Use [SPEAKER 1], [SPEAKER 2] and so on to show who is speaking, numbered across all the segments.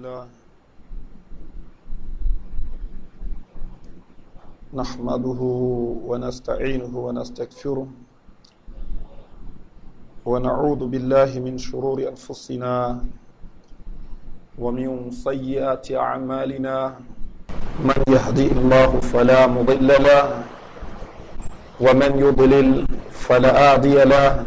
[SPEAKER 1] الله نحمده ونستعينه ونستغفره ونعوذ بالله من شرور أنفسنا ومن سيئات أعمالنا من يهدي الله فلا مضل له ومن يضلل فلا هادي له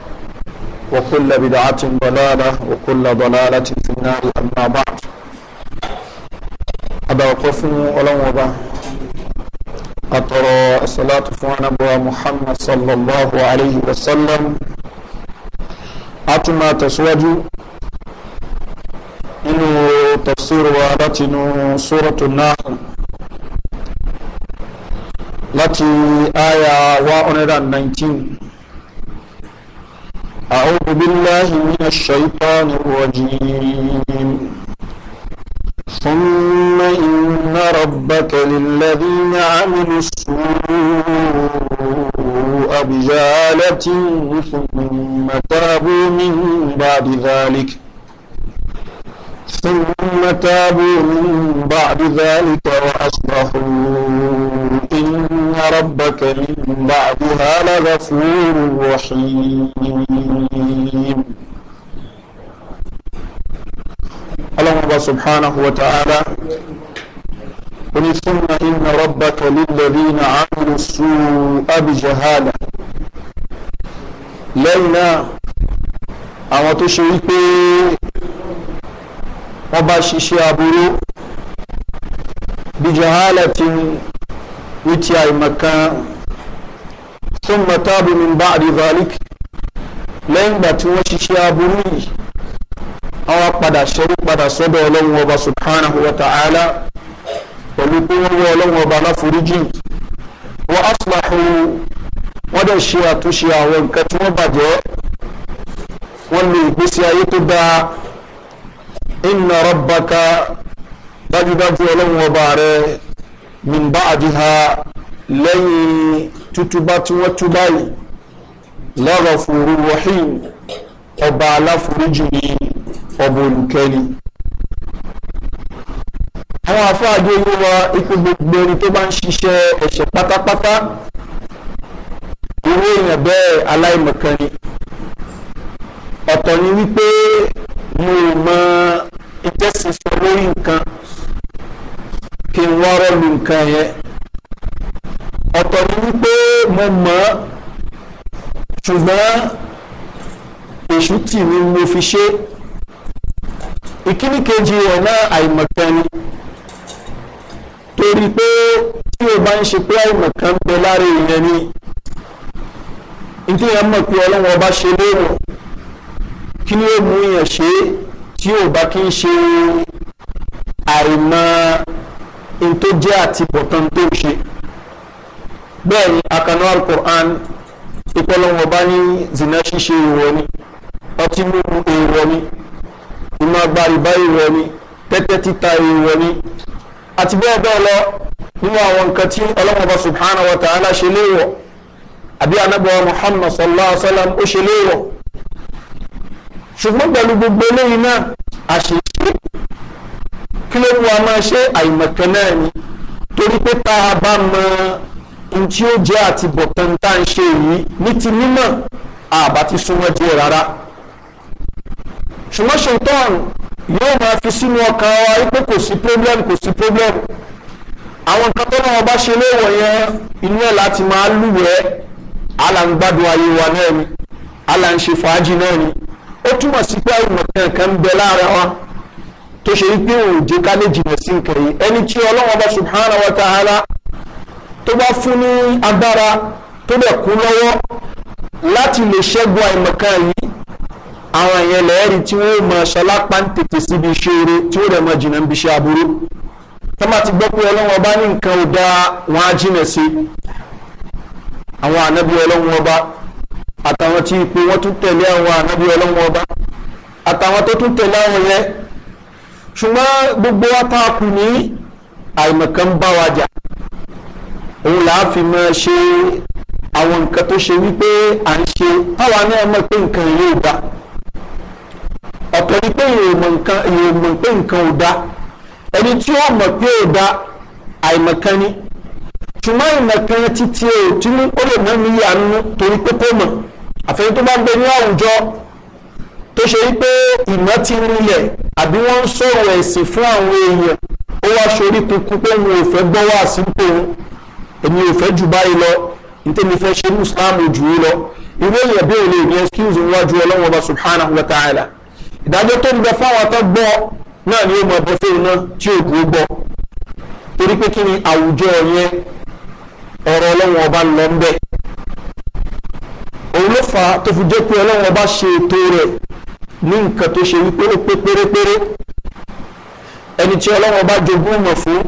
[SPEAKER 1] وكل بدعة ضلالة وكل ضلالة في النار أما بعد أدعوكم ولم وبا أترى الصلاة فوانا محمد صلى الله عليه وسلم أتما تسوج إنه تفسير ولتن سورة النحل التي آية 119 أعوذ بالله من الشيطان الرجيم ثم إن ربك للذين عملوا السوء بجالة ثم تابوا من بعد ذلك ثم تابوا من بعد ذلك وأصلحوا وإن ربك من بعدها لغفور رحيم الله سبحانه وتعالى قل ثم إن ربك للذين عملوا السوء بجهالة لينا àwọn tó ṣe wípé wọ́n ní ti àìmọ̀kan summa tabu min ba'di dhalik lẹ́yìn ìgbà tí wọ́n ṣiṣẹ́ aburú yìí àwọn padà ṣẹ́rú padà sọ́dọ̀ ọlọ́run ọba subhanahu wa ta'ala pẹ̀lú pé wọ́n wọ ọlọ́run ọba aláforíjì wa aslahu wọ́n dẹ̀ ṣe àtúnṣe àwọn nǹkan tí wọ́n bàjẹ́ wọ́n lo ìgbésí ayé tó dáa inna rabbaka dájúdájú ọlọ́run ọba rẹ̀ min ba'diha lẹ́yìn tútúbá tí wọ́n túbá yìí lọ́rọ̀ fòrò rahim ọba aláforíjì ni ọba olùkẹ́ni. àwọn afáàjò yìí wá ipò gbogbo ẹni tó bá ń ṣiṣẹ́ ẹ̀ṣẹ̀ pátápátá irú èèyàn bẹ́ẹ̀ aláìmọ̀kan ọ̀tọ̀ ni wípé mo mọ ìtẹ̀sísọ lórí nǹkan kí n wá rọ́ọ̀lù nǹkan yẹn ọ̀tọ̀ ni wípé mo mọ̀ ọ́ ṣùgbọ́n èṣù tì mí mo fi ṣe ìkíní kejì rẹ̀ náà àìmọ̀kan ni torí pé tí o bá ń ṣe pé àìmọ̀kan bẹ lára èèyàn ni ìdíyàn mọ̀ pé ọlọ́run ọba ṣe léèrò kí ni ó mú yàn ṣe tí o bá kí ń ṣe àìmọ̀ n tó jẹ́ àti bọ̀tán tó ṣe bẹ́ẹ̀ ni akanu alukur'an ìpolongo bá ní zina ṣíṣe ìwọ ni ọtí mímu èèwọ̀ ni ìmọ̀ àgbà ni tẹ́tẹ́ títa èèwọ̀ ni àti bẹ́ẹ̀ bẹ́ẹ̀ lọ nínú àwọn nǹkan tí ọlọ́run ọba subhanahu wa ta'ala ṣe léèwọ̀ àbí anábọ̀ muhammad sallallahu alaihi wa sallam ó ṣe léèwọ̀ ṣùgbọ́n pẹ̀lú gbogbo eléyìí náà àṣìṣe kí ló wá máa ṣe àìmọ̀kan náà ni torí pé tá a bá mọ ohun tí ó jẹ́ àti bọ̀tán tá à ṣe yìí ní ti mímọ̀ àbá ti súnmọ́ díẹ̀ rárá ṣùgbọ́n ṣètọ́n yóò máa fi sínú ọkàn wa wípé kò sí problem kò sí problem àwọn nǹkan tó náà bá ṣe léèwọ̀ yẹn inú ẹ̀ láti máa lúwẹ̀ẹ́ aláǹgbádùn ayé wa náà ni aláǹṣe fàájì náà ni ó túmọ̀ sí pé àìmọ̀kan kan ń bẹ lára wa tó ṣe wípé òòjé ká lè jìnà sí nǹkan yìí ẹni tí ọlọ́wọ́n bá subhanahu wa ta'ala tó bá fún ní agbára tó bẹ̀ kú lọ́wọ́ láti lè ṣẹ́gun àìmọ̀kan yìí àwọn èèyàn lẹ́ẹ̀rí tí wọ́n mọ ṣọlápá ń tètè síbi iṣẹ́ eré tí ó rẹ̀ mọ jìnà ń bi iṣẹ́ aburú tó bá ti gbọ́ pé ọlọ́wọ́n bá ní nǹkan ò dáa wọn á jìnà sí àwọn ànábì ọlọ́wọ́n ọba àtàwọn tí ipò wọn tún tẹ̀lé àwọn ànábì ọlọ́wọ́n ọba àtàwọn tó tún tẹ̀lé àwọn yẹn ṣùgbọ́n gbogbo apáàkù ní àìmọ̀kan bá wa jà òun là á fi mọ ṣe àwọn nǹkan tó ṣe wípé à ń ṣe táwa náà mọ̀ pé nǹkan yìí ò dá ọ̀tọ̀ ni pé èèyàn mọ̀ pé nǹkan ò dá ẹni tí ó mọ̀ pé ò dá àìmọ̀kan ni ṣùgbọ́n àìmọ̀kan títí ò tí ó lè mọ́ mi nínú torí pé kó mọ̀ àfẹ́yìn bá ń gbé ní àwùjọ tó ṣe wípé ìmọ̀ ti rinlẹ̀ àbí wọ́n ń sọ̀rọ̀ ẹ̀sìn fún àwọn èèyàn ó wá ṣorí kunkun pé òun ò fẹ́ gbọ́ wá sí pé òun èmi ò fẹ́ jù báyìí lọ nítorí fẹ́ ṣe muslim jù ú lọ irú èèyàn bí òun lè ní excuse níwájú ọlọ́run ọba subhanahu wa ta'ala ìdájọ́ tó ń bẹ fáwọn tó gbọ́ náà ni ó mọ ọbẹ̀ fẹ́ẹ̀ náà tí òkú ó gbọ́ torí pé kí ni àwùjọ yẹn ọ̀rọ̀ ọlọ́run ọba ń lọ ń bẹ́ẹ̀ òun ló fà á tó fi jẹ́ pé ọlọ́run ọba ṣe ètò rẹ̀ ní nǹkan tó ṣe wípé ó pé pérépéré ẹni tí ọlọ́run ọba jogún mọ̀ fún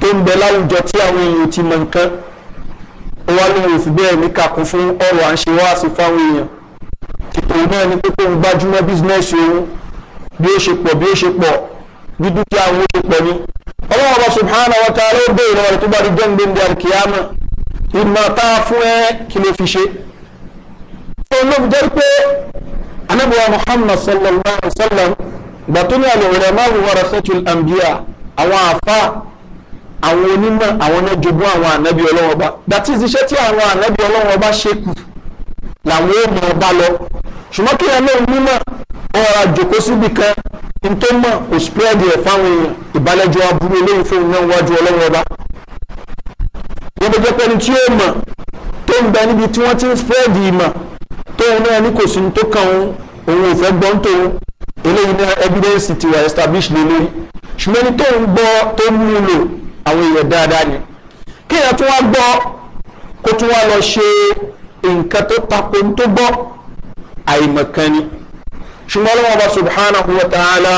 [SPEAKER 1] tó ń bẹ láwùjọ tí àwọn èèyàn ti mọ nǹkan ó wá lóun òfin bẹ́ẹ̀ ní kàkún fún ọ̀rọ̀ à ń ṣe wáàsí fáwọn èèyàn tìtò náà ni pé kó ń gbájúmọ́ bísínẹ́sì òun bí ó ṣe pọ̀ bí ó ṣe pọ̀ bí dúkìá òun ó ṣe pọ̀ ni ọlọ́run ọba subhanahu wa ta'ala ó béèrè wọn tó bá di jẹ́ ń gbé ń olóbi jẹ́ pé anábìwá muhammad sallallahu alayhi wa sallam gbàtúni al-ulama warasatul anbiya àwọn àfa àwọn onímọ̀ àwọn náà jogún àwọn ànábì ọlọ́wọ́ bá that is iṣẹ́ tí àwọn ànábì ọlọ́wọ́ bá ṣe kù làwọn ò mọ̀ ọba lọ ṣùgbọ́n kí ẹ̀rọ onímọ̀ ọ̀rọ̀ àjòkó síbi kan ní tó mọ̀ kò spread ẹ̀ fáwọn èèyàn ìbálẹ́jọ́ aburú eléyìí fún iná wájú ọlọ́wọ́ bá wọ́n bẹ jẹ́ pé tí ó mọ̀ tó ń bẹ níbi tí wọ́n ti ń spread ìmọ̀ tóun náà ní kò sí tó kàn òun òun ò fẹ́ gbọ́n tóun eléyìí náà evidence ti wà established lé lórí ṣùgbọ́n ní tóun gbọ́ tó mú un lò àwọn èèyàn dáadáa ni kéèyàn tún wá gbọ́ kó tún wá lọ ṣe nǹkan tó tako tó gbọ́ àìmọ̀kan ni ṣùgbọ́n ọlọ́wọ́n ọba subhanahu wa ta'ala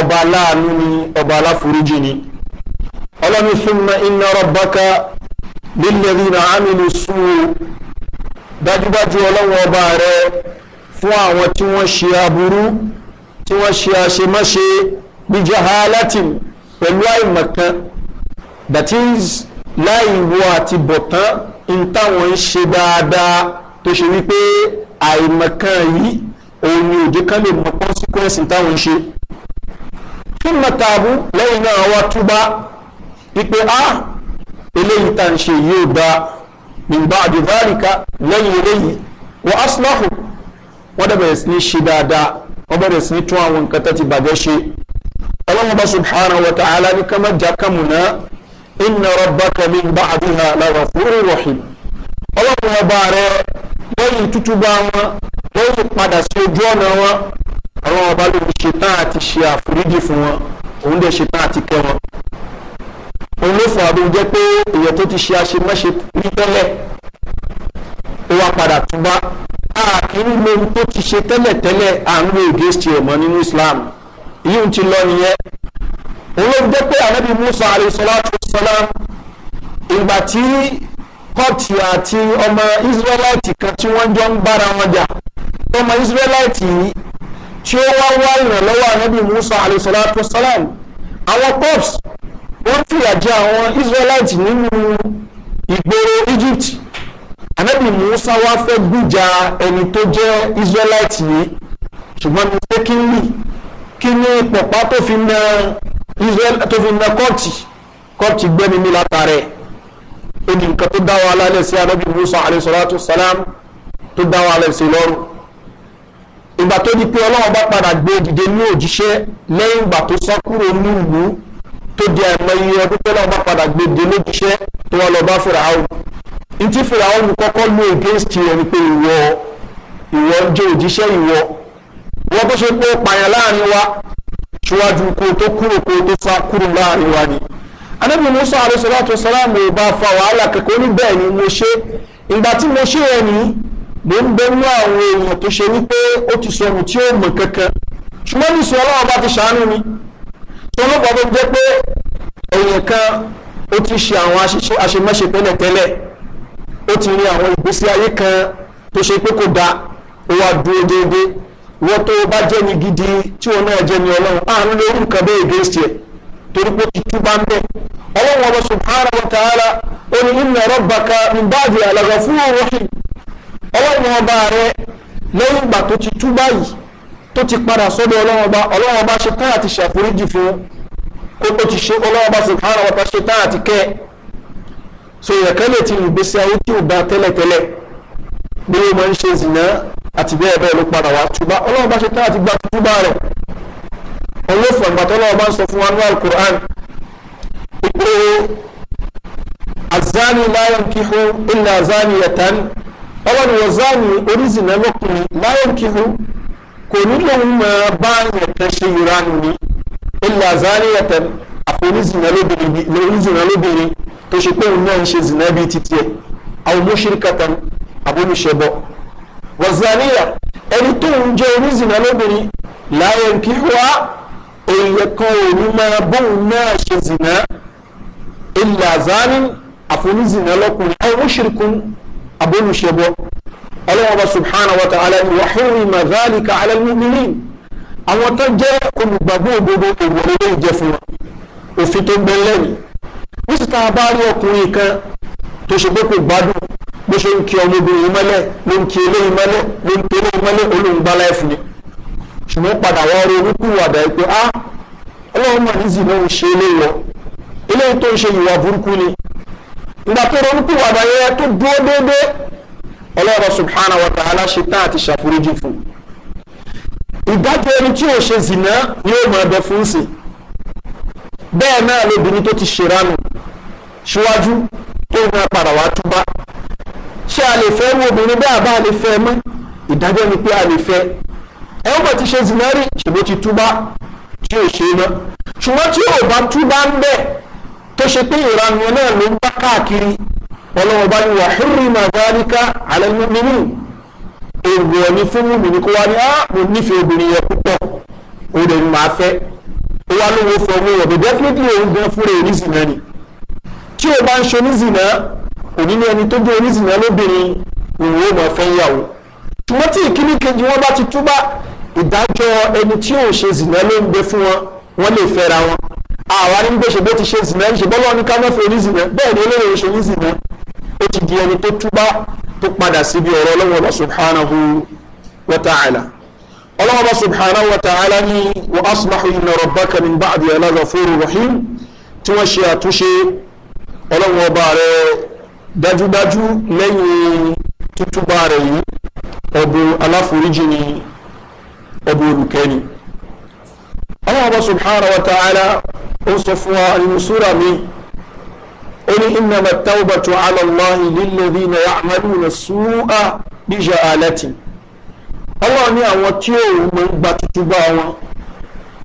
[SPEAKER 1] ọba aláàánú ni ọba aláforíjì ni ọlọ́ni súnmọ́ iná rọ̀bákà lílẹ̀ rí na ámìlú sùn dájúdájú ọlọ́run ọba rẹ fún àwọn tí wọ́n ṣe aburú tí wọ́n ṣe àṣemáṣe bí jahalatin pẹ̀lú àìmọ̀kan that is láìwo àti bọ̀tán n táwọn ń ṣe dáadáa tó ṣe wípé àìmọ̀kan yìí òun ni òjò kan lè mọ consequence táwọn ń ṣe fún mọ̀tàbù lẹ́yìn náà wá túbá wípé ah eléyìí tá à ṣe yìí dáa min ba'di dhalika lẹ́yìn eléyìí wa aslahu wọ́n dẹ̀ bẹ̀rẹ̀ sí ní ṣe dáadáa wọ́n bẹ̀rẹ̀ sí ní tún àwọn nǹkan tó ti bàjẹ́ ṣe ọlọ́run bá subhanahu wa ta'ala ní kama jakamu na inna rabbaka min ba'diha la ghafurur rahim ọlọ́run ọba rẹ lẹ́yìn tútù bá wọn lẹ́yìn padà sí ojú ọ̀nà wọn àwọn ọba ló ṣetán àti ṣe àforíjì fún wọn òun dẹ̀ ṣetán àti kẹ́ òun ló fún abúlé jẹ́ pé èèyàn tó ti ṣe àṣemáṣe rí tẹ́lẹ̀ ó wá padà túbá àkínú lóhun tó ti ṣe tẹ́lẹ̀tẹ́lẹ̀ à ń lo against ẹ̀ mọ́ nínú Islam yíyún ti lọ nìyẹn òun ló jẹ́ pé ànábì Musa alayhisalatu wasalam ìgbà tí pọ́ọ̀tì àti ọmọ Israelite kan tí wọ́n jọ ń bára wọn jà ọmọ Israelite yìí tí ó wá wá ìrànlọ́wọ́ ànábì Musa alayhisalatu wasalam àwọn pops wọ́n fìyà jẹ àwọn Israelite nínú ìgboro Egypt anabi Musa wá fẹ́ gbìjà ẹni tó jẹ́ Israelite yìí ṣùgbọ́n mi ṣe kí n lì kí ni pọ̀pá tó fi na Israel tó fi na kọ́ọ̀tì kọ́ọ̀tì gbẹ́ni mi látàrẹ́ ó di nǹkan tó dá wa lálẹ́ sí anabi Musa alayhi salatu salam tó dá wa lálẹ́ sí lọ́rùn ìgbà tó di pé Ọlọ́run bá padà gbé dìde ní òjíṣẹ́ lẹ́yìn ìgbà tó sá kúrò ní ìlú tó di àìmọye ọdún tó náà bá padà gbèdé lójúṣẹ́ tó wọ́n lọ bá Fáráò ntí Fáráò kọ́kọ́ lò against rẹ̀ ni pé ìwọ ìwọ ń jẹ́ òjíṣẹ́ ìwọ wọ́n tó ṣe pé ó pààyàn láàrin wa ṣíwájú kó tó kúrò kó tó sá kúrò láàrin wa ni anábì Musa alayhi salatu ò bá fa wàhálà kẹ̀kẹ́ ní bẹ́ẹ̀ ni mo ṣe ìgbà tí mo ṣe yẹn ni mo ń bẹnu àwọn èèyàn tó ṣe wípé ó ti sọnù tí ó mọ̀ kankan ṣùgbọ́n ní sọ ọlọ́run bá ti ṣàánú mi tọ́lọ́pàá tó jẹ́ pé èèyàn kan ó ti ṣe àwọn àṣemáṣe tẹ́lẹ̀tẹ́lẹ̀ ó ti rí kan tó ṣe pé kò da ó dúró déédéé wọ́n tó bá jẹ́ ní gidi tí wọn náà jẹ́ ní ọlọ́run àánú lórí nǹkan bẹ́ẹ̀ against yẹ torí pé ìtú bá ń bẹ̀ ọlọ́run ọba subhana wa ta'ala ó àlàgà fún ọlọ́run ọba rẹ lẹ́yìn ìgbà tó ti padà sọ́dọ̀ ọlọ́wọ́n bá ọlọ́wọ́n bá ṣe táyà ti ṣàforíjì fún ó tó ti ṣe ọlọ́wọ́n bá subhanahu wa ta'ala ṣe táyà ti kẹ́ ẹ̀ so ìyẹ̀kẹ́ lè ti lù gbèsè ayé tí ò bá tẹ́lẹ̀tẹ́lẹ̀ bí ó máa ń ṣe zìnà àti bẹ́ẹ̀ bẹ́ẹ̀ ló padà wá túbá ọlọ́wọ́n bá ṣe táyà ti gba túbá rẹ̀ òun ló fọ̀gbà tọ́lọ́wọ́n bá ń sọ fún wa ní alukur'an ìpè azani láyọ̀ kíhu ilẹ̀ azani yẹ̀tán ọlọ́run wọ̀ zani orí zìnà lọ́kùnrin láyọ̀ kíhu kò ní lòun máa bá yẹn kan ṣe ìranù ni ilẹ̀ azari ẹ̀tẹ̀ àforízìnà lóbìnrin tó ṣe pé òun náà ń ṣe zìnà bíi títí ẹ̀ àwọn mọ́ṣíríkàtà abóluṣẹ́bọ̀ wàzàníyà ẹni tó ń jẹ́ onízìnà lóbìnrin láyé kí wá èèyàn kan ò ní máa bóun náà ṣe zìnà ilẹ̀ azari àforízìnà lọ́kùnrin àwọn mọ́ṣíríkùn abóluṣẹ́bọ̀ ọlọ́wọ́ba subhanahu wa ta'ala ni wàhíwì mazalika alalmumini àwọn tó jẹ́ olùgbàgbọ́ òdodo èèwọ̀ ló jẹ́ fún wa òfin tó gbẹ lẹ́nu nísìta bá rí ọkùnrin kan tó ṣe pé kò gbádùn bó ṣe ń kí ọmọbìnrin mọ́lẹ̀ ló ń kí eléyìí mọ́lẹ̀ ló ń kí eléyìí mọ́lẹ̀ olóńgbàlá ẹ̀fún ni ṣùgbọ́n padà wá rí orúkúwàdà ẹ̀ pé á ah, ọlọ́run mà ní ń ṣe ọlọ́run subhanahu wa ta'ala ṣe tán àti ṣàforíjì fún ìdájọ́ ẹni tí ò ṣe zìnà yóò mọ ẹbẹ fún sí bẹ́ẹ̀ náà lóbìnrin tó ti ṣèrànù síwájú tó ń padà wá túbá ṣé a lè fẹ́ wo obìnrin bẹ́ẹ̀ bá a lè fẹ́ mọ́ ìdájọ́ ni pé a lè fẹ́ ẹ ó bọ̀ ti ṣe zìnà rí ṣèbó ti túbá tí ò ṣe mọ́ ṣùgbọ́n tí ò bá túbá ń bẹ̀ tó ṣe pé ìranù náà ló ń bá káàkiri ọlọ́wọ́ bá ní wà hírìmà dáríká alẹ́ mímú èèwọ̀ ní fún mímú ní kó wá ní á mo nífẹ̀ẹ́ obìnrin yẹn púpọ̀ ó lè ní máa fẹ́ ó wá lówó fún ọmọ rẹ̀ bẹ̀bẹ̀ fúnlẹ̀ òun gan fúnra ẹ̀ nízìnà ni tí o bá ń ṣe onízìnà òní ní ẹni tó jẹ́ onízìnà lóbìnrin òun ó máa fẹ́ yàwó ṣùgbọ́n tí ìkíní kejì wọn bá ti túbá ìdájọ́ ẹni tí ò ṣe zìnà ló ń gbé fún wọn wọ́n lè fẹ́ra wọn àwa ní gbèsè bó ti ṣe zìnà ṣe bọ́lá ní ká fẹ́ onízìnà bẹ́ẹ̀ ni olóyè ṣe onízìnà ó ti di ẹni tó túbá tó padà síbi ọ̀rọ̀ ọlọ́wọ́ bá subhanahu wa ta'ala ọlọ́wọ́ bá subhanahu wa ta'ala ní wa asbahu inna rabbaka min ba'di ala ghafurur rahim tí wọ́n ṣe àtúnṣe ọlọ́wọ́ ọba rẹ̀ dájúdájú lẹ́yìn tútúbá rẹ̀ yìí ọ̀bùn aláforíjì ni ọ̀bùn olùkẹ́ni ọlọ́wọ́ bá subhanahu wa ta'ala ó sọ fún wa nínú súra mi ó ní ìnáwó tawbatu ala Allahi lilladhina ya'maluna su'a bi jahalatin ọlọ́run ní àwọn tí òun mọ̀ ń gba tuntun bá wọn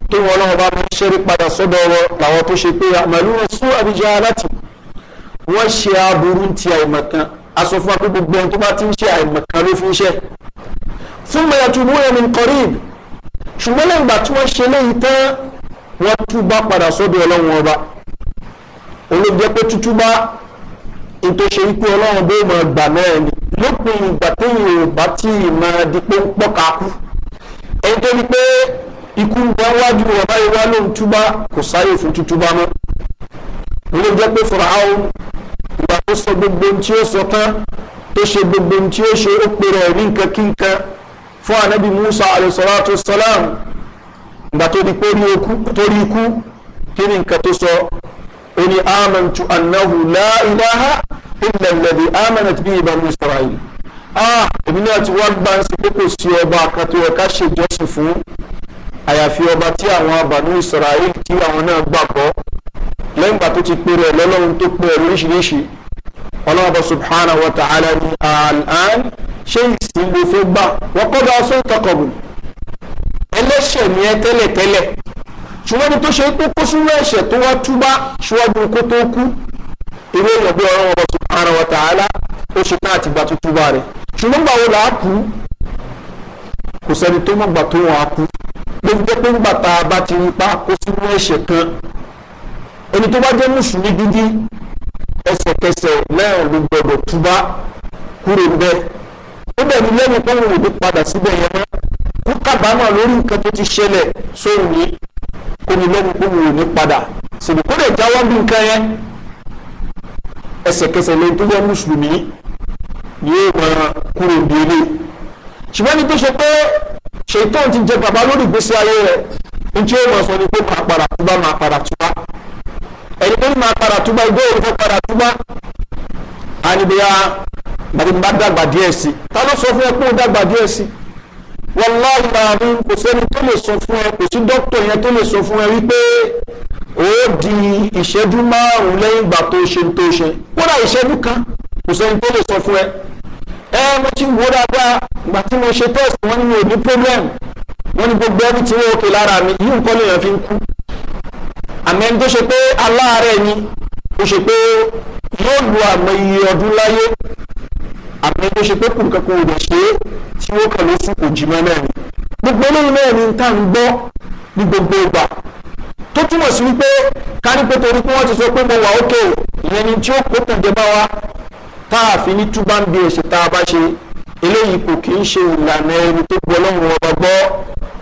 [SPEAKER 1] tó wọn ọlọ́run bá máa ń ṣeré padà sọ́dọ̀ ọ̀rọ̀ làwọn tó ṣe pé ya'maluna su'a bi jahalatin wọ́n ṣe aburú ti àìmọ̀kan a sọ fún wa gbogbo ẹni tó bá ti ń ṣe àìmọ̀kan ló fi ń ṣe fún mọ̀ yàtúbú ẹni kọ́rìb ṣùgbọ́n lẹ́yìn ṣe léyìí tán wọ́n túbá padà sọ́dọ̀ ọlọ́run ọba olóògbé pé tútú bá ìtòṣe wípé ọlọ́run bó mọ̀ gbà náà ni lópin ìgbà téèyàn ò bá tí ì máa di pé ń pọ́ka kú ẹni tó ní pé ikú ń bá wájú ọ̀bá ìwá ló ń túbá kò sáyè fún tútúbá mọ́ olóògbé pé fúnra ìgbà tó sọ gbogbo ohun tí ó sọ tán tó ṣe gbogbo ohun tí ó ṣe ó pe rẹ̀ ní nǹkan kí nǹkan fún anabi musa alayhisalatu salam ìgbà tó di pé torí ikú kí ni nǹkan tó sọ ó ní amantu annahu la ilaha illa alladhi amanat bihi banu israel ah èmi náà ti wá gbà ń sọ pé kò sí ọba kan tó yẹ ká ṣèjọsìn fún àyàfi ọba tí àwọn banu israel tí àwọn náà gbàgbọ́ lẹ́yìn ìgbà tó ti pèrè ẹ̀ lọ́lọ́run tó pè ẹ̀ lóríṣiríṣi ọlọ́wọ́ subhanahu wa ta'ala ni al'an ṣé ìsìn ló fẹ́ gbà wọ́n kọ́ bá sóńtọ̀kọ̀bù ẹlẹ́ṣẹ̀ ni ẹ tẹ́lẹ̀tẹ́lẹ̀ ṣùgbọ́n ní tó ṣe pé kò súnmọ́ ẹ̀ṣẹ̀ tó wá túbá ṣíwájú kó tó kú irú èèyàn bí ọ̀rọ̀ ọ̀rọ̀ subhanahu wa ta'ala ó ṣe tán àti ìgbà tó túbá rẹ̀ ṣùgbọ́n gbà wo là á kú kò sẹ́ni tó mọ̀ gbà tó wọn á kú lójú pé ńgbà tá a bá ti ń pa kó súnmọ́ ẹ̀ṣẹ̀ kan ẹni tó bá jẹ́ mùsùlùmí gidi ẹsẹ̀kẹsẹ̀ lẹ́yìn ló gbọdọ̀ túbá kúrò ń bẹ́ẹ̀ ó bẹ̀ ní lẹ́nu tó wù ú padà síbẹ̀ yẹn mọ́ kó kábàámọ̀ lórí nǹkan tó ti ṣẹlẹ̀ sóhun yìí omi lẹ́nu pé mi ò ní padà ṣèlú kó lè jáwọ́ bí nǹkan yẹn ẹsẹ̀kẹsẹ̀ lẹ́yìn tó jẹ́ mùsùlùmí ni yóò máa kúrò ní ilé ṣùgbọ́n ní tó ṣe pé ṣètò ti jẹ bàbá lórí ìgbésí ayé rẹ̀ ní tí ó máa sọ ni pé máa padà túbá máa padà túbá ẹni pé máa padà túbá igbó òun fẹ́ padà túbá àníbíyá bàbá mi bá dàgbà díẹ̀ sí i ta ló sọ fún ẹ pé ó dàgbà díẹ̀ sí i wọláhì ààrùn kò sẹ́ni tó lè sọ fún ẹ kò sí dókítà yẹn tó lè sọ fún ẹ wípé ó di ìṣẹ́jú márùn-ún lẹ́yìn ìgbà tó ṣe tó ṣe kódà ìṣẹ́jú kan kò sẹ́ni tó lè sọ fún ẹ ẹ mo ti wò dáadáa ìgbà tí mo ṣe test wọn ni mi ò ní problem wọn ni gbogbo ẹni tí wọn ò kè lára mi yìí nǹkan lèèyàn fi ń kú àmọ́ ẹni tó ṣe pé aláàárẹ̀ ni ó ṣe pé yóò lu àmọ́ iye ọdún láyé àmọ́ tó ṣe pé kù kankan ò dẹ̀ ṣe é tí wọ́n kàn ló fún òjìmọ́ náà ni gbogbo eléyìí náà ni tá à ń gbọ́ ní gbogbo ìgbà tó túmọ̀ sí wípé kárí pé torí pé wọ́n ti sọ pé mo wà ókè ìyẹn ni tí ó kó tẹ̀jẹ̀bá wa tá a fi ní túbá ń bí èsì tá a bá ṣe eléyìí kò kì í ṣe ìlànà ẹni tó gbọ́ lọ́rùn ọba gbọ́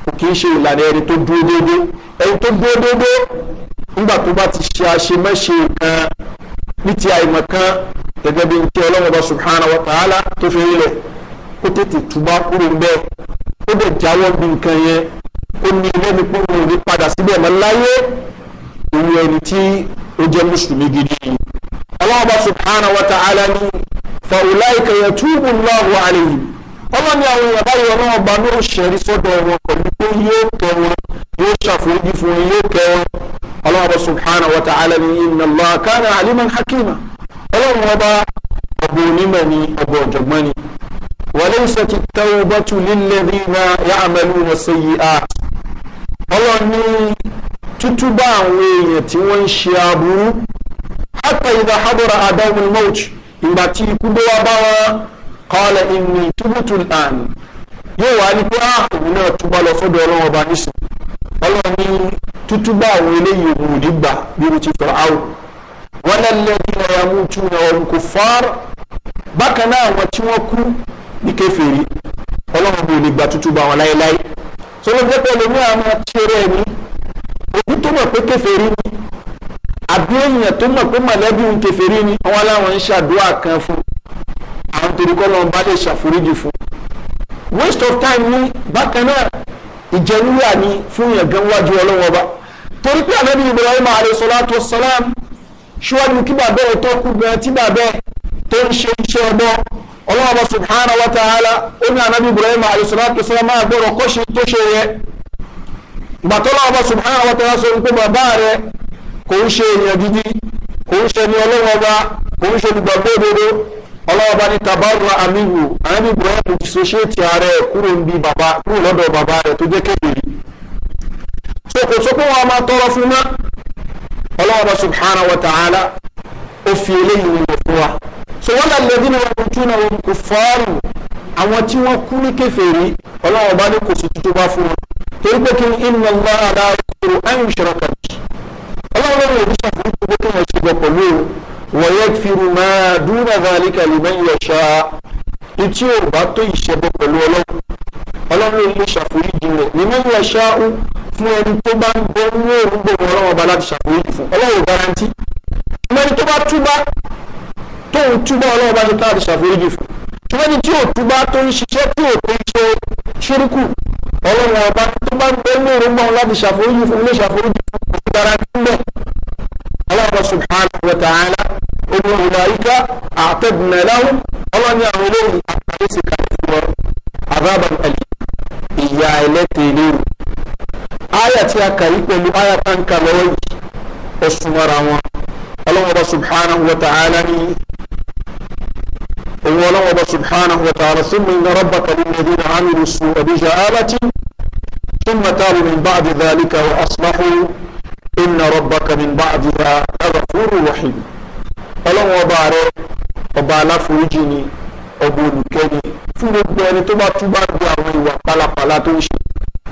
[SPEAKER 1] kò kì í ṣe ìlànà ẹni tó dúró déédé ẹni tó dúró déédé nígbà tó bá ti ṣe àṣemáṣe kan ní ti àìmọ̀ kan gẹ́gẹ́ bí tí ọlọ́run bá subhanahu wa ta'ala tó fi rí lẹ̀ ó tètè túbá kúrò ń bẹ́ẹ̀ ó dẹ̀ jáwọ́ bí nǹkan yẹn ó ní lẹ́nu pé òun ò ní padà síbẹ̀ mọ́ láyé ìwé ẹni tí ó jẹ́ mùsùlùmí gidi yìí ọlọ́run bá subhanahu wa ta'ala ní fa ulaika yatubu Allahu alayhim ọlọ́run ní àwọn èèyàn báyìí ọlọ́run ọba ló ṣẹ̀rí wọn pẹ̀lú pé yóò tẹ wọn yóò ṣàforíjì fún wọn yóò kẹ wọn ọlọ́run bá wa ta'ala ní inna Allaha kana aliman hakima ọlọ́run ọba ọ̀bọ̀ onímọ̀ ni ọ̀bọ̀ ọ̀jọ̀gbọ́n ni wàlẹ́sẹ̀ ti tẹ́wọ́ bọ́tù lílẹ̀ rí na yàmẹ́lú na sẹ́yìí a ọlọ́run ní tútú bá àwọn èèyàn tí wọ́n ń ṣe aburú hátà ìdá hábọ̀rọ̀ adáwọn mọ́ọ̀tù ìgbà tí ikú bó wá bá wọn kọ́lẹ̀ ìní túbùtù àn yóò wá ní pé ààrùn ah, náà túbà lọ fọ́dọ̀ ọlọ́run ọba nísìn ọlọ́run ní tútú bá àwọn eléyìí òun ò walalladhina yamutuna wal kuffar bákan náà àwọn tí wọ́n kú ní kèfèrí ọlọ́run bí olè gba tuntun bá wọn láéláé sọlọ́jẹ́ pẹ̀lú ní àwọn ṣeré ẹni òbí tó mọ̀ pé kèfèrí ni àbí èèyàn tó mọ̀ pé mọ̀lẹ́bí ń kèfèrí ni wọn láwọn ń ṣàdúrà kan fún àwọn torí kọ́ lọ́n bá lè ṣàforíjì fún waste of time ni bákan náà ìjẹnúyà ni fún yàn gan wájú ọlọ́wọ́ bá torí pé ànábì Ibrahim alayhi salatu wassalam ṣíwájú kí bàbá ẹ̀ tó kú gan tí bàbá ẹ̀ tó ń ṣe iṣẹ́ ẹbọ ọlọ́run ọba subhana wa ta'ala ó ní anabi ibrahim alayhisalatu sọlá máa gbọ́dọ̀ kó ṣe tó ṣe yẹ gbàtọ́lá ọba subhana wa ta'ala sọ wípé bàbá rẹ kò ń ṣe èèyàn gidi kò ń ṣe ní ọlọ́run ọba kò ń ṣe olùgbàgbọ́ òdodo ọlọ́run ọba ní tabarra amihu anabi ibrahim ti so ti ààrẹ kúrò ń bi bàbá kúrò lọ́dọ̀ bàbá rẹ tó jẹ́ kékeré so wọn a máa tọrọ fún náà ọlọ́wọ́ bá subhanahu wa ta'ala ó fi eléyìí wọ̀ fún wa so wọ́n làlẹ́ bí wọ́n kú tún náà kò fọ́ọ̀rù àwọn tí wọ́n kú ní kèfèrí ọlọ́wọ́ bá ní kò sí tuntun bá fún wọn torí pé kí inna Allaha la yaghfiru an yushraka bihi ọlọ́wọ́ bá wọ̀ sàfún tó gbé wọn ṣùgbọ́n pẹ̀lú wa yaghfiru ma duna dhalika liman yasha etí ò bá tó ìṣẹ́bọ̀ pẹ̀lú ọlọ́wọ́ ọlọ́wọ́ ló ṣàforíjì rẹ̀ liman fún ẹni tó bá ń bọ́ ní òrùngbò ọlọ́wọ́ ọba láti ṣàforíjì fún ọlọ́wọ́ garanti ẹni tó bá túbá tóun túbá ọlọ́wọ́ bá ṣe tó àti ṣàforíjì fún ṣùgbọ́n ní tí ò túbá tó ń ṣiṣẹ́ tí ò tó ń ṣe ṣírùkù ọlọ́wọ́ ọba tó bá ń bọ́ ní òrùngbò láti ṣàforíjì fún ilé ṣàforíjì fún kò sí garanti bẹ́ẹ̀ ọlọ́wọ́ subhanahu wa ta'ala omi ọ̀làyíká àtẹ̀dùnmẹ̀láwù ọlọ́ni àwọn olóyìn àtàlẹ́sẹ̀ kàlẹ́ fún ọ kà yí pẹ̀lú àyà pàǹkà lọ́wọ́ yìí ó súnmọ́ra wọn ọlọ́wọ́ bá subhanahu wa ta'ala ni òun ọlọ́wọ́ bá subhanahu wa ta'ala thumma inna rabbaka lilladhina amilu su'a bijahalatin thumma tabu min ba'di dhalika wa aslahu inna rabbaka min ba'diha laghafurur rahim ọlọ́wọ́ ọba rẹ ọba aláforíjì ni ọba olùkẹ́ni fún gbogbo ẹni tó bá túbá gbé àwọn ìwà pálapàla tó ń ṣe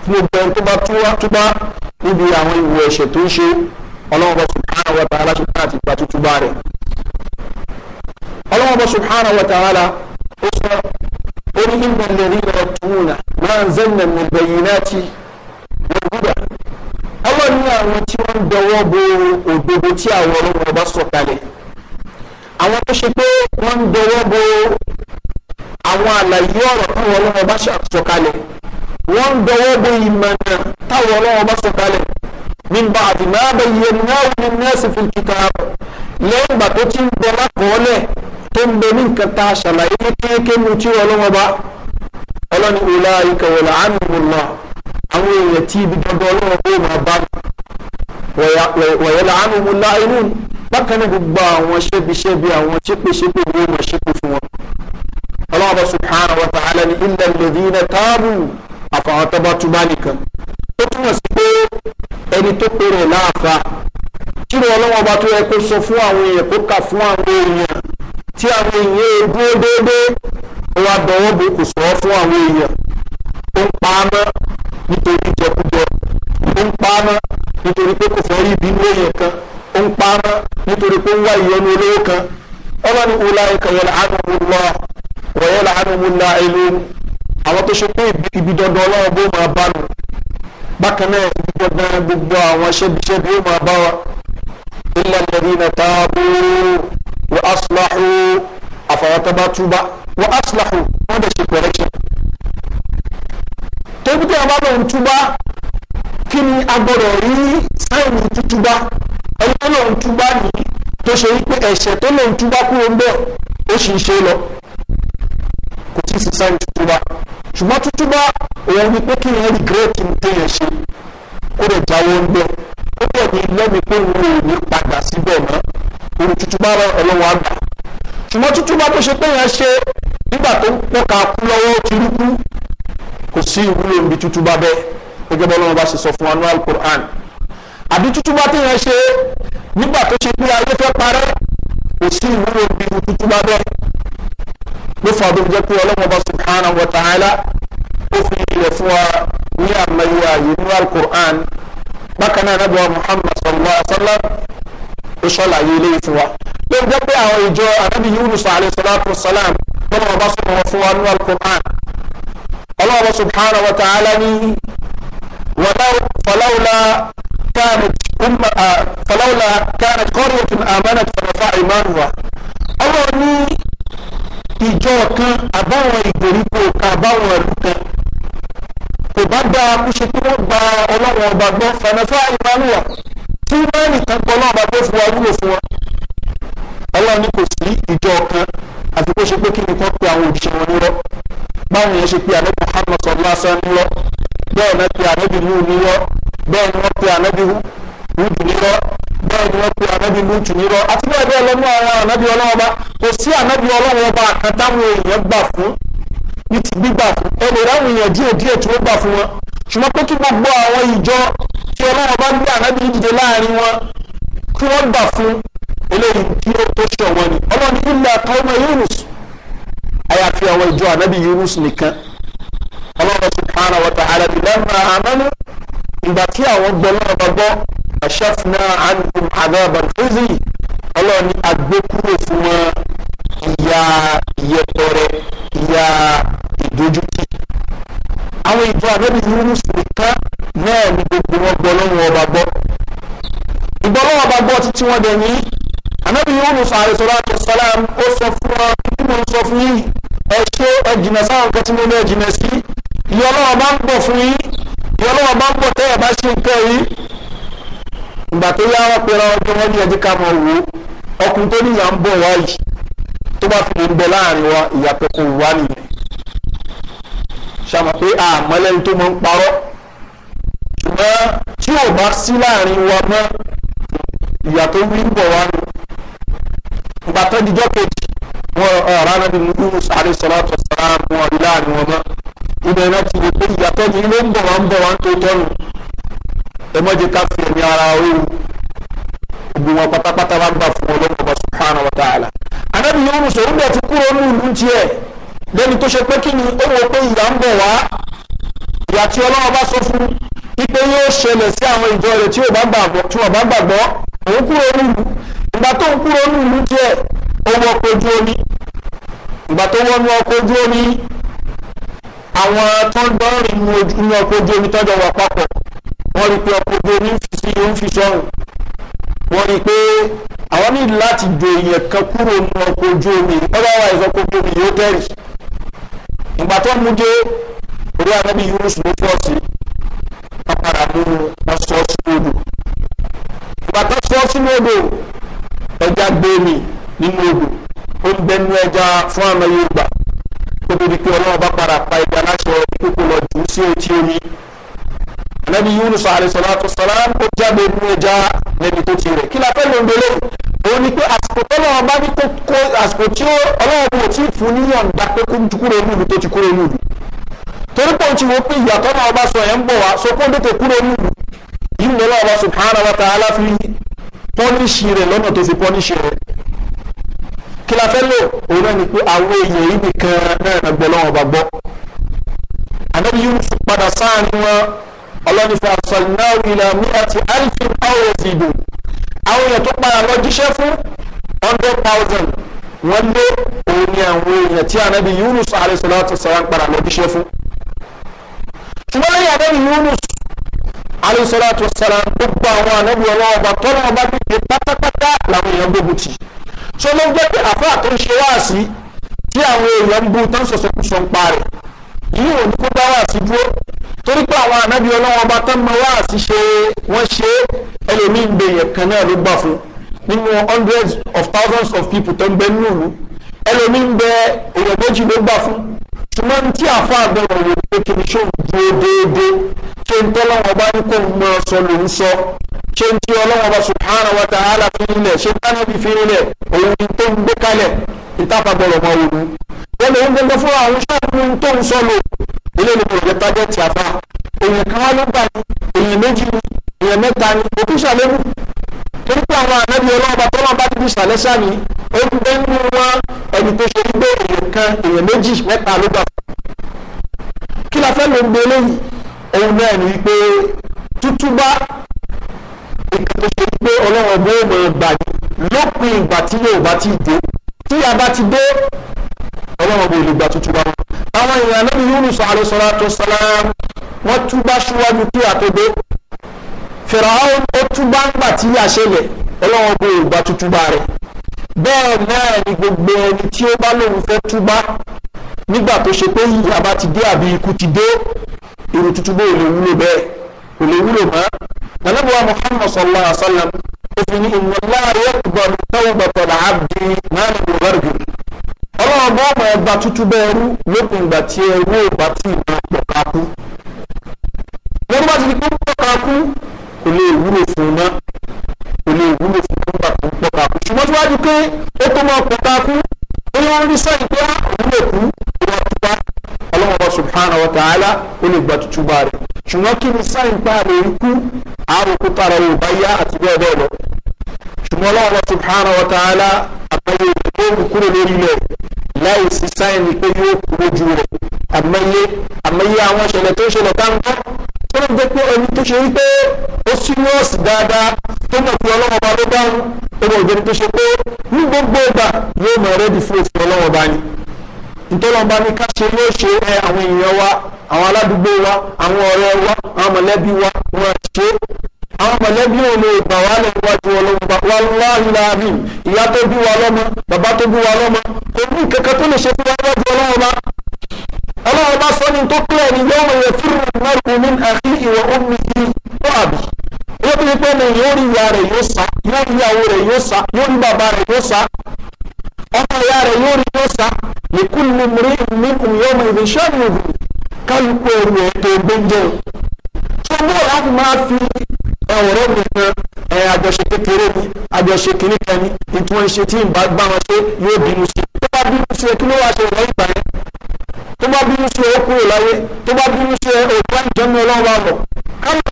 [SPEAKER 1] fún gbogbo ẹni tó bá túbá níbi àwọn ìwò ẹ̀ṣẹ̀ tó ń ṣe ọlọ́wọ́n bá subhanahu wa ta'ala ṣùgbọ́n àti ìgbà tuntun bá rẹ̀ ọlọ́wọ́n bá subhanahu wa ta'ala ó sọ orí nígbà lórí rẹ̀ túnúnà máa ń zẹ́nà mẹ́bẹ̀yìn náà ti lọ́gbùdà ọlọ́run ní àwọn tí wọ́n ń dọwọ́ bo òdodo tí àwọn ọlọ́wọ́n bá sọ kalẹ̀ àwọn tó ṣe pé wọ́n ń dọwọ́ bo àwọn àlàyé ọ̀rọ̀ táwọn ọlọ́wọ́n bá ṣàtọ̀kalẹ̀ wọ́n ń dọwọ́ bo ìmọ̀nà táwọn ọlọ́wọ́ bá sọ kalẹ̀ nígbà àti máa bẹ yẹ náà ní nẹ́ẹ̀sì fún kíkà lẹ́yìn ìgbà tó ti ń bọ lákọọ́lẹ̀ tó ń bẹ ní nǹkan tá a ṣàlàyé ní kéékèé mu tí ọlọ́wọ́ bá ọlọ́ni ìlà ìkẹwẹ̀lẹ̀ ànúmùlá àwọn èèyàn tí ibi dandan ọlọ́wọ́ bó máa bá wọ̀yẹ̀lẹ̀ ànúmùlá inú bákan náà gbogbo àwọn ṣẹ́bi-ṣẹ́bi àwọn ṣépè-ṣépè wo máa ṣépè fún wọn. ọlọ́wọ́ bá subhanahu àfàwọn tó bá túbá nìkan ó túmọ̀ sí pé ẹni tó pe rẹ̀ láàfa kí ni ọlọ́wọ́n bá tó yẹ kó sọ fún àwọn èèyàn kó kà fún àwọn èèyàn tí àwọn èèyàn dúró déédéé ó wá dọwọ́ bò kò sọ fún àwọn èèyàn ó ń pa á mọ́ nítorí jẹkújẹ ó ń pa á nítorí pé kò fẹ́ rí ìbínú èèyàn kan ó ń pa á nítorí pé ó ń wá ìyọnu olówó kan ọlọ́ni ọlá ẹ̀kọ́ yẹn làánú mu lọ wọ̀nyẹn làánú mu lọ àwọn tó ṣe pé ibi dandan ọlọ́run bó máa bá nù bákan náà ibi dandan gbogbo àwọn ṣẹ́bi-ṣẹ́bi ó máa bá wa illa alladhina tabu wa aslahu àfàyàtọ́ba túbá wa aslahu wọ́n dẹ̀ ṣe correction tóbi tí a bá lòun túbá kí ni a gbọ́dọ̀ rí sáìnì tútúbá ẹni tó lòun túbá nìyí tó ṣe wípé ẹ̀ṣẹ̀ tó lòun túbá kúrò ń bẹ̀ ó sì ń ṣe lọ. Sisi í sì sáré tútúbá ṣùgbọ́n tútúbá òun ni pé kí wọ́n rí gírèkì ní téèyàn ṣe kó lè jáwọ́ ń bẹ́ ó pọ̀ ní lẹ́mi pé wọn ò ní padà síbẹ̀ mọ́ òun tútúbá rọ ọlọ́wọ́ àgbà ṣùgbọ́n tútúbá tó ṣe pé yẹn ṣe nígbà tó ń pọ̀ ká kú lọ́wọ́ ti rí kú kò sí ìwúlò níbi tútúbá bẹ́ẹ̀ gẹ́gẹ́ bọ́lá wọn bá ṣe sọ fún anú alukur'an àbí tútúbá tó yẹn ṣe nígbà tó ṣe pé ayé fẹ́ parẹ́ kò sí ìwúlò níbi tútúbá bẹ́ẹ̀ ló fà tó jẹ́ pé ọlọ́run bá subhanahu wa ta'ala ó fi ilẹ̀ fún wa ní àmàyè ààyè nínú alukur'an bákan náà nàbẹ̀ wa muhammad sallallahu alaihi wa sallam ó ṣàlàyé eléyìí fún wa ló jẹ́ pé àwọn ìjọ anábì yunus alayhi salam ọlọ́run bá sọ̀rọ̀ fún wa nínú alukur'an ọlọ́run bá subhanahu wa ta'ala ní wàláwùlá كانت أم فلولا كانت قرية آمنت فرفع إيمانها الله ìjọ kan àbáwọn ìgbèríko kan àbáwọn ìlú kan kò bá dáa kó ṣe kí wọ́n gba ọlọ́wọ́n ọba gbọ́ fanafá ìmánuwà tí mẹ́rin kan gbọ́ ọlọ́wọ́n ọba gbọ́ fún wa wúlò fún wa ọlọ́run ní kò sí ìjọ kan àti kó ṣe pé kí nìkan pe àwọn òṣìṣẹ́ wọn nírọ́ báwọn yẹn ṣe pe àlẹ́ Muhammad sọ̀rọ̀ lásán nírọ́ bẹ́ẹ̀ náà pe àlẹ́ bíi nírọ́ bẹ́ẹ̀ ni wọ́n pe àlẹ́ bíi húdù nírọ́ báyìí ni wọ́n pe ànábì lútù nírọ́ àti bẹ́ẹ̀ bẹ́ẹ̀ lọ́nà àwọn ànábì ọlọ́run ọba kò sí ànábì ọlọ́run ọba kan táwọn èèyàn gbà fún ní ti gbígbà fún ẹnì ráwọn èèyàn díẹ̀ díẹ̀ tí wọ́n gbà fún wọn ṣùgbọ́n pé kí gbogbo àwọn ìjọ tí ọlọ́run ọba gbé ànábì dìde láàrin wọn kí wọ́n gbà fún eléyìí kí ó tó ṣe wọn ni ọlọ́run ilẹ̀ àtọ́mọ Yunus àyàfi àwọn ìjọ ànábì Yunus nìkan ọlọ́run subhanahu wa ta'ala bi lẹ́nu àmọ́nú ìgbà tí àwọn gbọ́ lọ́wọ́ gbọ́ kashafna anhum adhaba al-khizi ọlọ́run ní agbókúrò fún wọn ìyà ìyẹpẹrẹ ìyà ìdójútì àwọn ìjọ àbẹ́bí Yunus nìkan náà ní gbogbo wọn gbọ́ lọ́wọ́ ọba gbọ́ ìgbọ́ lọ́wọ́ ọba gbọ́ títí wọn dẹ̀ yín àbẹ́bí Yunus alayhi salam ó sọ fún wọn bí mo sọ fún yín ẹ ṣe ẹ jìnà sáwọn kan tí mo lọ jìnà sí ìyọlọ́wọ́ bá ń bọ̀ fún yín ìyọlọ́wọ́ bá ń bọ̀ tẹ́yà ìgbà tó yá wọn pera ọjọ́ wọn ní ẹjẹ́ ká mọ̀ wò ọkùnrin tó níyà ń bọ̀ wá yìí tó bá fi lè ń bẹ láàrin wa ìyàtọ̀ kò wá nìyẹn ṣàmọ̀ pé àmọ́lẹ́ni tó máa ń parọ́ ṣùgbọ́n tí ò bá sí láàrin wa mọ́ ìyà tó wí ń bọ̀ wá nù ìgbà tó dijọ́ kejì wọn ọ̀rá náà ni Yunus alayhi salatu wassalam wọn rí láàrin wọn mọ́ ibẹ̀ ti lè pé ìyà ẹ má jẹ́ ká fi ẹ̀mí ara ooru gbogbo wọn pátápátá bá fún ọlọ́run ọba subhanahu wa ta'ala anabi Yunus òun bẹ̀ tún kúrò ní ìlú tiẹ̀ lẹ́ni tó ṣe pé kí ni ó wọ pé ìyà ń bọ̀ wá ìyà tí ọlọ́run bá sọ fún wípé yóò ṣẹlẹ̀ sí àwọn ìjọ rẹ̀ tí ò bá gbàgbọ́ òun kúrò ní ìlú ìgbà tó ń kúrò ní ìlú tiẹ̀ ó ọkọ̀ ojú omi ìgbà tó wọnú ọkọ̀ ojú omi àwọn tó ń dánrin ní ọkọ̀ ojú omi tọ́jọ́ wà papọ̀ wọ́n rí pé ọkọ̀ ojú omi ń fi sí ń fi sọ́run wọ́n rí pé àwọn nílò láti do èèyàn kan kúrò ní ọkọ̀ ojú omi ọba wa ìfọkọ̀ ojú omi yóò tẹ̀rì ìgbà tó mú dé orí anábì Yunus ló fọ́ sí apara mú wọn sọ odò ìgbà tó sọ sínú odò ẹja gbé mi nínú odò ó ń bẹnu ẹja fún àmọ́ Yorùbá tó tóbi pé ọlọ́run bá para pa ẹja láṣẹ kókó lọ jù ú sí etí omi ànábi yunus alayhisalatu salam ó jáde nínú ẹja níbi tó ti rẹ̀ kí la fẹ́ ló ń gbélé òun ni pé àsìkò tọ́lọ́wọ́n bá ní kó àsìkò tí ọlọ́wọ́n bò tí fún níyọ̀ǹda pé kó ti kúrò nílùú tó ti kúrò nílùú torí pé òun ti wò pé ìyàtọ̀ náà ọba sọ yẹn ń bọ̀ wá so kó tètè kúrò nílùú yìí ní ọlọ́wọ́ subhanahu wa ta'ala fi pọ́níṣì rẹ̀ lọ́nà tó fi pọ́níṣì Kila kí la fẹ́ lò òun náà ni pé àwọn èèyàn yìí nìkan náà gbọ́ lọ́wọ́ bá gbọ́ ànábi yunus padà sáà ni wọ́n ọlọ́nifà sọ̀nàwó ilẹ̀ mi àti alifin ọ̀rọ̀ ti dùn àwọn èèyàn tó padà lọ jíṣẹ́ fún hundred thousand wọ́n lé òun ni àwọn èèyàn tí anabi yunus alayhisalatu salam padà lọ jíṣẹ́ fún ṣùgbọ́n lẹ́yìn anabi yunus alayhisalatu salam gbogbo àwọn anabi ọlọ́wọ́ bá tọ́lá ọba gbígbé pátápátá làwọn èèyàn gbógun tì so ló ń gbé pé àfáà tó wáàsí tí àwọn èèyàn ń bu tán sọ̀sọ̀ kù ń parẹ́ yìí ò ní kó bá wà sí dúró torí pé àwọn ànábì ọlọ́wọ́n ọba tán mọ wá sí ṣe wọ́n ṣe ẹlòmíín gbèyàn kan náà ló gbà fún nínú hundreds of thousands of people tó ń bẹ nínú ìlú ẹlòmíín bẹ èèyàn méjì ló gbà fún ṣùgbọ́n tí àfa àgbẹ̀rọ̀ wò pé kì í ṣe òun déédéé ṣé ń tọ́lọ́wọ́n ọba ní kó mọ sọ lòún sọ ṣé ń tí ọlọ́wọ́n ọba subhanahu wa ta'ala fi ilẹ̀ ṣé tánàbí fi ilẹ̀ òun ni tó ń gbé kalẹ̀ ìtàfàgbọ̀rọ̀ mọ́ òun wọ́n lè ń gbogbo fún àwọn ṣọ́ọ̀bù tó ń sọ lò ilé ní kòròjẹ́ tágẹ́ẹ̀tì afá èèyàn kan wá ló gbà ní èèyàn méjì ní èèyàn mẹ́ta ní òkú ìṣàlẹ́kù torí pé àwọn ànábì ọlọ́ọ̀bá tó lọ́ọ́ bá ti fi ìṣàlẹ́ sáàmì ó ń gbé nínú wọn ẹni tó ṣe gbé èèyàn kan èèyàn méjì mẹ́ta ló gbà fún. kí la fẹ́ ló ń gbé eléyìí ohun náà ni wípé tútúbá nǹkan tó ṣe pé ọlọ́run ọgbọ́n ò mọ̀ ọ́ gbà ní lópin ìgbà tí yóò bá ti dé tí a bá ti dé ọlọ́run bò lè gba tuntun bá wọn. àwọn èèyàn lẹ́nu Yunus alayhi salatu wassalam wọ́n túbá ṣíwájú kí àtòdó Fìràhún ó túbá ńgbà tí yà ṣẹlẹ̀ ọlọ́run bò lè gba tuntun bá rẹ̀ bẹ́ẹ̀ náà ni gbogbo ẹni tí ó bá lóun fẹ́ túbá nígbà tó ṣe pé ìyà ti dé àbí ikú ti dé èrò tuntun bó lè wúlò bẹ́ẹ̀ kò lè wúlò mọ́ nàlẹ́bùwà Muhammad sallallahu alayhi wa sallam òfin ìmọ̀láyé gbọ̀dọ̀ tẹ́wọ̀ bàtọ̀ làábdì náà lè rẹ̀ gbòòrò ọba ọmọ ẹgbà tútù bẹ́ẹ̀rú lópin ìgbà tí ẹrú ògbà tí ìmọ̀ ọ̀pọ̀ká kú wọ́n bá ti di pé pọ̀ká kú kò lè wúlò fún iná kò lè wúlò fún nígbà tó ń pọ̀ká kú ṣùgbọ́n tí wájú pé ó tó mọ pọ̀ká kú ó yẹ orí sẹ́yìn pé ah, òun lè kú ìwà tuba ọlọ́mọba subhanahu wa ta'ala ó lè gba tútù bá rẹ̀ ṣùgbọ́n kí ni sẹ́yìn pa láì sí sáyẹnì pé yóò kú lójú rẹ̀ àmọye àmọye àwọn ìṣẹ̀lẹ̀ tó ń ṣẹlẹ̀ káńkọ́ tó ń jẹ́ pé ẹni tó ṣe wípé ó síríọ̀sì dáadáa tó mọ̀ pé ọlọ́wọ́ ọba ló dáhùn ọmọ ògbẹ́ni tó ṣe pé ní gbogbo ìgbà yóò mọ̀ rẹ́dì fún òfin ọlọ́wọ́ ọba ni ìtọ́lọ́mba ní ká ṣe yóò ṣe ẹ àwọn èèyàn wa àwọn aládùúgbò wa àwọn ọ̀rẹ́ wa àwọn mọ̀lẹ́bí wa wọn ṣe àwọn mọ̀lẹ́bí ò lè gbà wá lè wájú ọlọ́mọba wà láàrin láàrin ìyá tó bí wa lọ́mọ bàbá tó bí wa lọ́mọ kò ní kankan tó lè ṣe fún wa wájú ọlọ́mọba ọlọ́mọba sọ ni tó kílẹ̀ ni yóò mọ̀ yẹ fún ìrìnàjò ní àfi ìwọ̀ omi yìí tó àbí ó bí pé mi yóò rí ìyá rẹ̀ yóò sá yóò rí ìyàwó rẹ̀ yóò sá yóò rí bàbá rẹ̀ yóò sá ọmọ ìyá rẹ̀ yóò rí yóò sá ní kúlù ẹwọ̀rọ̀ mi kan ẹ àjọṣe kékeré ni àjọṣe kìíní kan ni ètò wọn ṣe tí ìbá gbá wọn ṣe yóò bínú sí i tó bá bínú sí ẹ kí ló wá ṣe ìwọ ìgbà yẹn tó bá bínú sí ẹ ó kúrò láyé tó bá bínú sí ẹ òkú àìjọ́nú ọlọ́run bá lọ kámà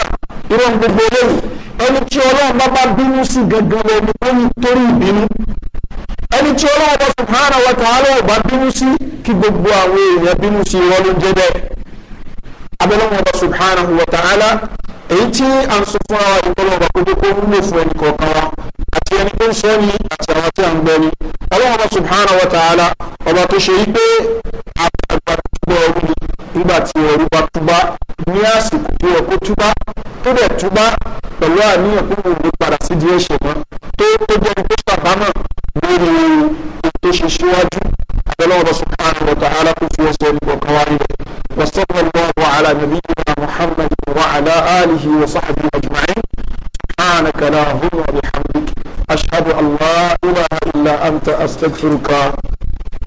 [SPEAKER 1] ìrọ̀ gbogbo eléyìí ẹni tí ọlọ́run bá bá bínú sí gangan lọ ni ó ń torí ìbínú ẹni tí ọlọ́run bá subhanahu wa ta'ala bá bínú sí kí gbogbo àwọn èèyàn bínú sí ìwọ ló ń jẹ bẹ́ẹ̀ abẹ́lẹ́wọ̀n bá subhanahu wa ta'ala èyí tí a ń sọ fún ara ìgbọ́lọ́ ọba kókó kó wúlò fún ẹnì kọ̀ọ̀kan wa àti ẹni tó ń sọ ni àti àwọn tí a ń gbọ́ ni ọlọ́run ọba subhanahu wa ta'ala ọba tó ṣe yí pé àgbàgbà túbọ̀ ọdún ni nígbà tí ẹ̀rú bá túbá ní àsìkò tó yẹ kó túbá tó dẹ̀ túbá pẹ̀lú àníyàn kó mo gbé padà sí di ẹ̀ṣẹ̀ mọ́ tó tó jẹ́ ní tó ṣàbámọ̀ lórí ohun ṣe síwájú àbẹ̀lọ́wọ́ ọba sùn وتعالى كفوسون وكوانين وصلى الله على نبينا محمد وعلى آله وصحبه أجمعين سبحانك لا هم وبحمدك أشهد أن لا إله إلا أنت أستغفرك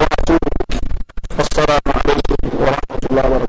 [SPEAKER 1] وأتوب السلام عليكم ورحمة الله وبركاته